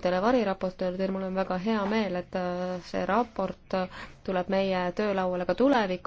kõikidele variraportööridele, mul on väga hea meel, et äh, see raport äh, tuleb meie töölauale ka tulevikus,